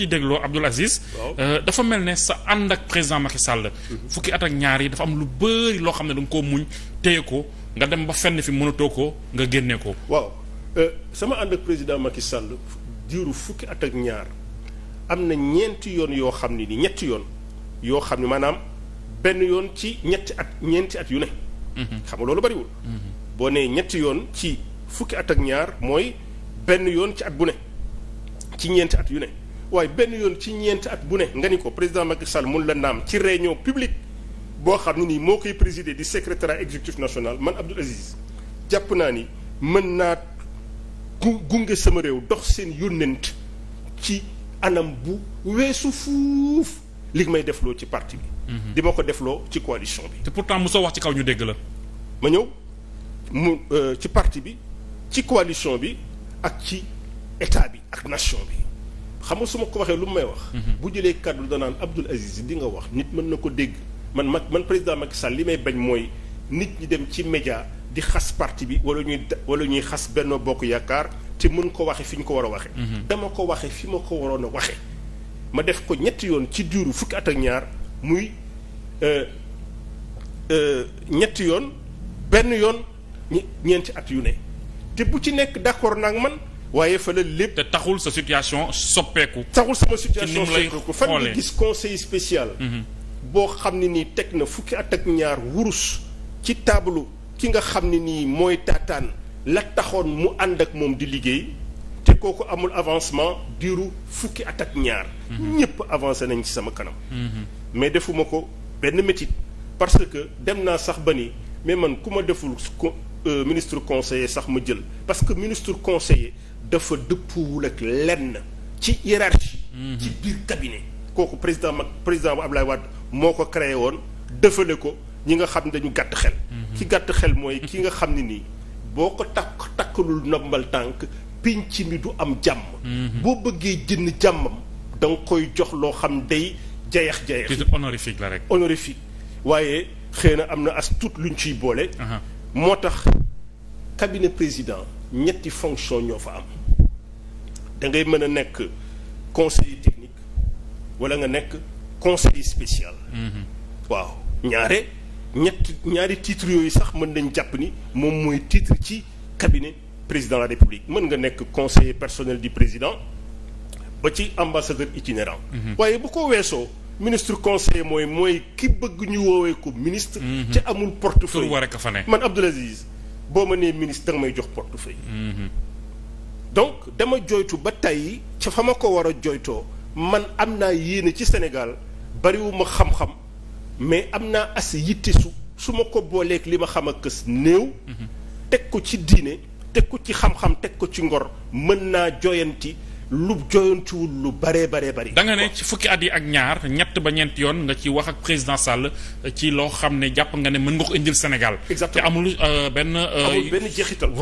nga dégloo Abdoul Aziz. Euh, dafa mel ne sa ànd ak président Macky Sall. Mhm. fukki at ak ñaar yi dafa am lu bëri loo xam ne da koo muñ téye ko nga dem ba fenn fi mënatoo ko nga génne ko. waaw euh, sama ànd ak président Macky Sall diiru fukki at ak ñaar am na ñeenti yoon yoo xam ne ni ñetti yoon yoo xam ne maanaam benn yoon ci ñetti at ñeenti at yu ne. Mhm. xam nga loolu bëriwul. Mhm. boo nee ñetti yoon ci fukki at ak ñaar mooy benn yoon ci at bu ne ci ñeenti at yu ne. waaye benn yoon ci ñeent at bu ne nga ni ko président Macky Sall mun la naam ci réunion publique boo xam ne nii moo koy présider di secrétariat exécutif national man Abdoul Aziz jàpp naa ni mën naa gunge sama réew dox seen yónnent ci anam bu weesu fuuf li may def defloo ci parti bi. Mhm. di ma ko defloo ci coalition bi. te pour pourtant soo wax ci kaw ñu dégg la. ma ñëw mu euh, ci parti bi ci coalition bi ak ci état bi ak nation bi. xam nga su ma ko waxee lu mu may wax. Mhm. bu jëlee kaddu danaan Abdoul Aziz di nga wax nit mën na ko dégg man mag man président mag Sall li may bañ mooy nit ñi dem ci média di xas parti bi wala ñuy wala ñuy xas Benno Bokk Yaakaar te mën ko waxee fi ñu ko war a waxee. Mhm. dama ko waxee fi ma ko waroon a waxee. ma def ko ñetti yoon ci diiru fukki at ak ñaar muy euh, euh, ñetti yoon benn yoon ñeenti at yu ne te bu ci nekk d'accord nag man. waaye fa la lépp. te taxul sa situation soppeeku. taxul sama situation soppeeku fan nga gis conseil spécial. Mhm. boo xam ne nii teg na fukki at ak ñaar wurus ci tableau ki nga xam ne nii mooy taataan la taxoon mu ànd ak moom di liggéey te kooku amul avancement diiru fukki at ak ñaar. Mhm. ñëpp avancé nañ ci sama kanam. Mhm. mais defuma ko benn métit parce que dem naa sax ba ni mais man ku ma deful ko. Euh, ministre conseiller sax ma jël parce que ministre conseiller dafa dëppuwul ak lenn ci hiérarchie mhm. ci biir cabinet kooku président mag président bu Abdoulaye Wade moo ko créé woon defale ko ñi nga xam ne dañu gàtt xel ci mhm. gàtt xel mooy ki nga xam ne nii boo ko takk takkalul nombal tànk ci mi du am jàmm mhm. boo bëggee jën jàmmam da koy jox loo xam day jayax jayax honorifique la rek honorifique waaye xëy na am na as lu luñ ciy boole moo tax cabinet président ñetti fonction ñoo fa am da ngay mën a nekk conseil technique wala nga nekk conseil spécial. Mm-hmm. waaw ñaare ñett ñaari titres yooyu sax mën nañ jàpp ni moom mooy titre ci cabinet président de la république mën nga nekk conseil personnel di président ba ci ambassadeur itinérant. Mm-hmm. waaye bu ko weesoo. ministre conseiller mooy mooy ki bëgg ñu woowee ministre. ci mhm. amul portefeuille war a fa ne. man Abdoul Aziz boo ma nee ministre danga may jox portefeuille. Mhm. donc dama jooytu ba tey ca fa ma ko war a jooytoo man am naa yéene ci Sénégal bariwuma xam-xam mais am naa as yitte su ma ko booleeg li ma xam a kës néew. Mhm. teg ko ci diine teg ko ci xam-xam teg ko ci ngor mën naa joyanti. lu joyantuwul lu bëree bëree bari da nga ne ci fukki at yi ak ñaar ñett ba ñeent yoon nga ci wax ak président sàll ci loo xam ne jàpp nga ne mën nga ko indil Sénégal. exactement te amul euh, benn. Euh, amul benn jeexital.